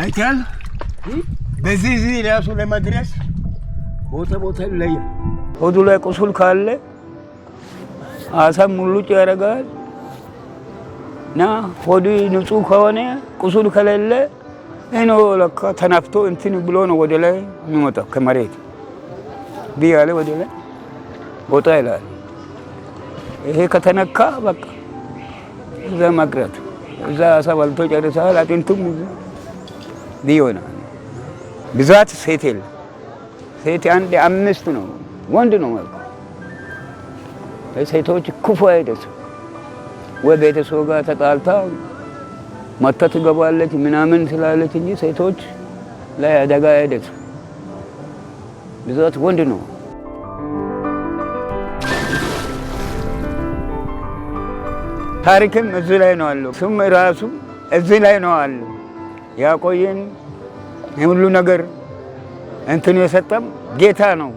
አይቻል በዚህ እዚህ ራሱ ለመድረስ ቦታ ቦታ ይለያል። ሆዱ ላይ ቁስል ካለ አሳም ሙሉጭ ያደርጋል እና ሆዱ ንጹህ ከሆነ ቁስል ከሌለ ይህ ነው ለካ ተናፍቶ እንትን ብሎ ነው ወደ ላይ የሚመጣው ከመሬት ቢያለ ላይ ወደ ላይ ወጣ ይላል። ይሄ ከተነካ በቃ እዛ መቅረት እዛ አሳ በልቶ ጨርሰሃል። አጥንቱም ቢሆነ ብዛት ሴት የለ ሴት አንድ አምስት ነው ወንድ ነው ማለት ሴቶች ክፉ አይደስ ወይ ቤተሰብ ጋር ተጣልታ መታ ትገባለች ምናምን ስላለች እንጂ ሴቶች ላይ አደጋ አይደስ ብዛት ወንድ ነው። ታሪክም እዚህ ላይ ነው አለው። ስም ራሱ እዚህ ላይ ነው አለ። ያቆየን የሁሉ ነገር እንትን የሰጠም ጌታ ነው።